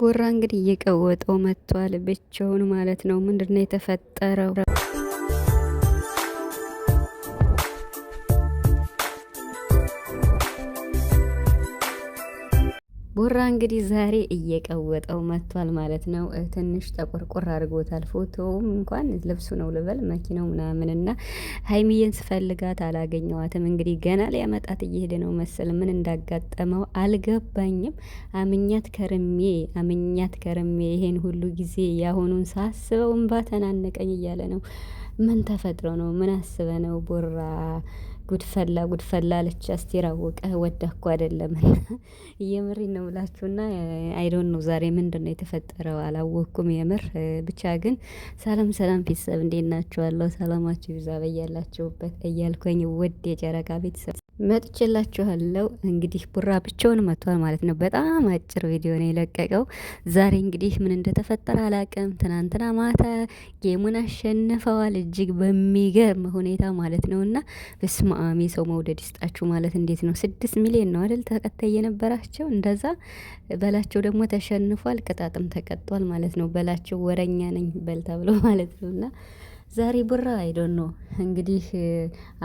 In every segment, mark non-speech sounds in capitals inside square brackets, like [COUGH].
ቦራ እንግዲህ እየቀወጠው መጥቷል። ብቻውን ማለት ነው። ምንድነው የተፈጠረው? ቦራ እንግዲህ ዛሬ እየቀወጠው መጥቷል ማለት ነው። ትንሽ ጠቆርቆር አድርጎታል። ፎቶውም እንኳን ልብሱ ነው ልበል መኪናው ምናምን እና ሀይሚዬን ስፈልጋት አላገኘዋትም። እንግዲህ ገና ሊያመጣት እየሄደ ነው መሰል። ምን እንዳጋጠመው አልገባኝም። አምኛት ከርሜ አምኛት ከርሜ ይሄን ሁሉ ጊዜ ያሁኑን ሳስበው እንባ ተናነቀኝ እያለ ነው። ምን ተፈጥሮ ነው? ምን አስበ ነው ቦራ ጉድፈላ ጉድፈላ አለች አስቴር አወቀ። ወዳህ አይደለም [LAUGHS] የምሪ ነው ብላችሁና አይዶን ነው ዛሬ ምንድን ነው የተፈጠረው? አላወቅኩም የምር ብቻ ግን ሰላም ሰላም ቤተሰብ እንዴት ናችኋለሁ? ሰላማችሁ ይብዛ በያላችሁበት እያልኩኝ ውድ የጨረቃ ቤተሰብ መጥቼላችኋለሁ እንግዲህ ቡራ ብቻውን መጥቷል ማለት ነው። በጣም አጭር ቪዲዮ ነው የለቀቀው። ዛሬ እንግዲህ ምን እንደተፈጠረ አላቅም። ትናንትና ማታ ጌሙን አሸንፈዋል እጅግ በሚገርም ሁኔታ ማለት ነው። እና በስማሚ ሰው መውደድ ይስጣችሁ ማለት እንዴት ነው? ስድስት ሚሊዮን ነው አይደል ተከታይ የነበራቸው እንደዛ። በላቸው ደግሞ ተሸንፏል፣ ቅጣትም ተቀጧል ማለት ነው። በላቸው ወረኛ ነኝ በል ተብሎ ማለት ነው። እና ዛሬ ቡራ አይዶን ነው እንግዲህ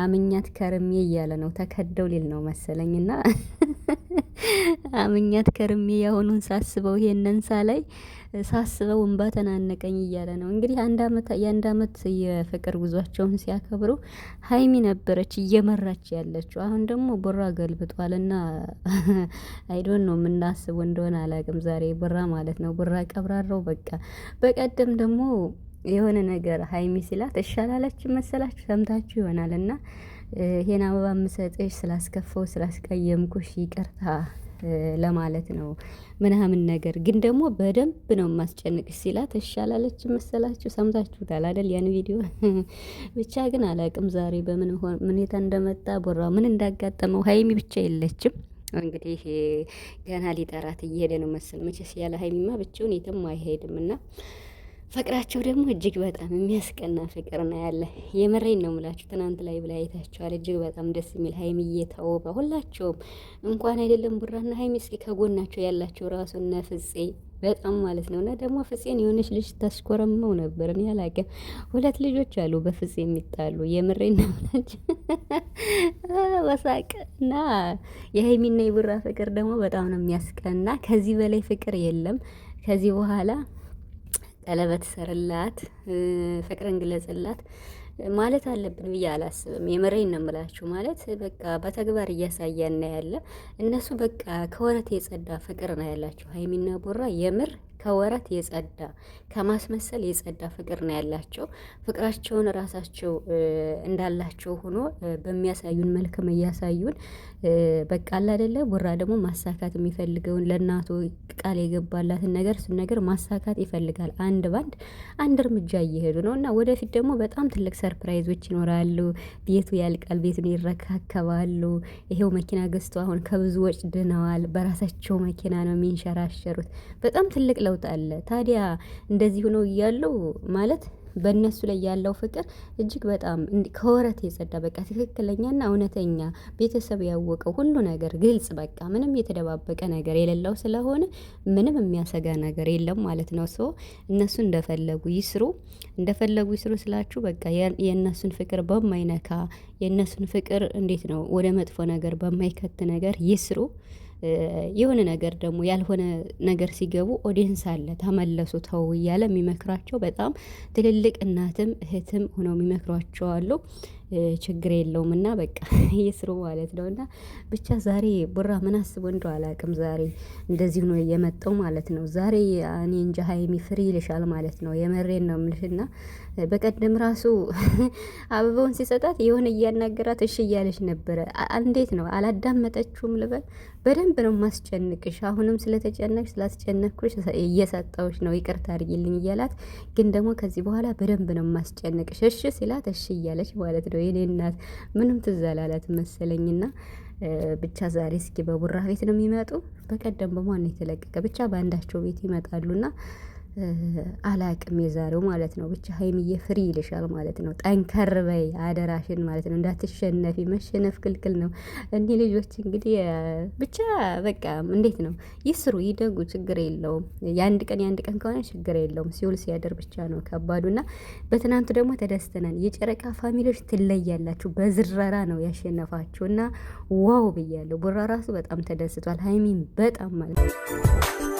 አምኛት ከርሜ እያለ ነው። ተከደው ሊል ነው መሰለኝና [LAUGHS] አምኛት ከርሜ ያሆኑን ሳስበው ይሄንን ሳላይ ሳስበው እንባ ተናነቀኝ እያለ ነው። እንግዲህ የአንድ አመት የፍቅር ጉዟቸውን ሲያከብሩ ሀይሚ ነበረች እየመራች ያለችው። አሁን ደግሞ ቦራ ገልብጧልና [LAUGHS] አይዶን ነው የምናስበው እንደሆነ አላቅም። ዛሬ ቦራ ማለት ነው ቦራ ቀብራረው በቃ በቀደም ደግሞ የሆነ ነገር ሀይሚ ሲላት እሻላላችን መሰላችሁ ሰምታችሁ ይሆናል። እና ይሄን አበባ ምሰጥሽ ስላስከፈው ስላስቀየምኩሽ ይቅርታ ለማለት ነው ምናምን ነገር ግን ደግሞ በደንብ ነው የማስጨንቅሽ ሲላት እሻላለች መሰላችሁ ሰምታችሁታል አደል? ያን ቪዲዮ [LAUGHS] ብቻ ግን አላቅም ዛሬ በምን ሁኔታ እንደመጣ ቦራ ምን እንዳጋጠመው ሀይሚ ብቻ የለችም። እንግዲህ ገና ሊጠራት እየሄደ ነው መሰል መቼስ ያለ ሀይሚማ ብቻውን የትም አይሄድም እና ፍቅራቸው ደግሞ እጅግ በጣም የሚያስቀና ፍቅር ነው ያለ። የምሬን ነው ምላችሁ። ትናንት ላይ ብላ አይታችኋል። እጅግ በጣም ደስ የሚል ሀይሚዬ ተውባ፣ ሁላቸውም እንኳን አይደለም ቡራና ሀይሚ እስኪ ከጎናቸው ያላቸው ራሱ እነ ፍፄ በጣም ማለት ነው። እና ደግሞ ፍጼን የሆነች ልጅ ታስኮረመው ነበር። እኔ አላውቅም። ሁለት ልጆች አሉ በፍጼ የሚጣሉ የምሬን ነው የምላችሁ በሳቅ [LAUGHS] እና የሀይሚና የቡራ ፍቅር ደግሞ በጣም ነው የሚያስቀና። ከዚህ በላይ ፍቅር የለም ከዚህ በኋላ ቀለበት ሰርላት፣ ፍቅርን ግለጽላት ማለት አለብን ብዬ አላስብም። የምሬን ነው የምላችሁ። ማለት በቃ በተግባር እያሳየን ያለ እነሱ በቃ ከወረት የጸዳ ፍቅር ነው ያላችሁ። ሀይሚና ቦራ የምር ከወረት የጸዳ ከማስመሰል የጸዳ ፍቅር ነው ያላቸው። ፍቅራቸውን ራሳቸው እንዳላቸው ሆኖ በሚያሳዩን መልክም እያሳዩን በቃል አደለ። ቡራ ደግሞ ማሳካት የሚፈልገውን ለእናቱ ቃል የገባላትን ነገር እሱን ነገር ማሳካት ይፈልጋል። አንድ ባንድ አንድ እርምጃ እየሄዱ ነው እና ወደፊት ደግሞ በጣም ትልቅ ሰርፕራይዞች ይኖራሉ። ቤቱ ያልቃል፣ ቤቱን ይረካከባሉ። ይሄው መኪና ገዝቶ አሁን ከብዙ ወጭ ድነዋል። በራሳቸው መኪና ነው የሚንሸራሸሩት። በጣም ትልቅ ለ ለውጥ አለ። ታዲያ እንደዚህ ሆኖ እያለው ማለት በእነሱ ላይ ያለው ፍቅር እጅግ በጣም ከወረት የጸዳ በቃ ትክክለኛና እውነተኛ ቤተሰብ ያወቀው ሁሉ ነገር ግልጽ፣ በቃ ምንም የተደባበቀ ነገር የሌለው ስለሆነ ምንም የሚያሰጋ ነገር የለም ማለት ነው። ሶ እነሱ እንደፈለጉ ይስሩ፣ እንደፈለጉ ይስሩ ስላችሁ በቃ የእነሱን ፍቅር በማይነካ የእነሱን ፍቅር እንዴት ነው ወደ መጥፎ ነገር በማይከት ነገር ይስሩ። የሆነ ነገር ደግሞ ያልሆነ ነገር ሲገቡ ኦዲንስ አለ ተመለሱ ተው እያለ የሚመክሯቸው በጣም ትልልቅ እናትም እህትም ሆነው የሚመክሯቸው አሉ። ችግር የለውም እና በቃ እየስሩ [LAUGHS] ማለት ነው። እና ብቻ ዛሬ ቡራ ምን አስቦ እንደው አላውቅም። ዛሬ እንደዚህ ነው የመጣው ማለት ነው። ዛሬ እኔ እንጃ ሀይሚ ፍሪ ይልሻል ማለት ነው። የመሬን ነው የምልሽ። እና በቀደም ራሱ [LAUGHS] አበባውን ሲሰጣት የሆነ እያናገራት እሺ እያለች ነበረ። እንዴት ነው አላዳመጠችውም ልበል በደንብ ነው ማስጨንቅሽ። አሁንም ስለተጨነቅሽ ስላስጨነቅኩሽ እየሰጠውሽ ነው ይቅርታ አድርጊልኝ እያላት፣ ግን ደግሞ ከዚህ በኋላ በደንብ ነው ማስጨንቅሽ እሺ ሲላት እሺ እያለች ማለት ነው። የኔ እናት ምንም ትዝ አላላት መሰለኝና ብቻ ዛሬ እስኪ በቡራ ቤት ነው የሚመጡ። በቀደም በማን የተለቀቀ ብቻ በአንዳቸው ቤት ይመጣሉና አላቅም የዛሬው ማለት ነው። ብቻ ሀይሚዬ ፍሪ ይልሻል ማለት ነው። ጠንከር በይ አደራሽን ማለት ነው። እንዳትሸነፊ፣ መሸነፍ ክልክል ነው። እኒህ ልጆች እንግዲህ ብቻ በቃ እንዴት ነው ይስሩ፣ ይደጉ፣ ችግር የለውም። የአንድ ቀን የአንድ ቀን ከሆነ ችግር የለውም። ሲውል ሲያደር ብቻ ነው ከባዱና፣ በትናንቱ ደግሞ ተደስተናል። የጨረቃ ፋሚሊዎች ትለያላችሁ። በዝረራ ነው ያሸነፋችሁ እና ዋው ብያለሁ። ቡራ ራሱ በጣም ተደስቷል። ሀይሚን በጣም ማለት ነው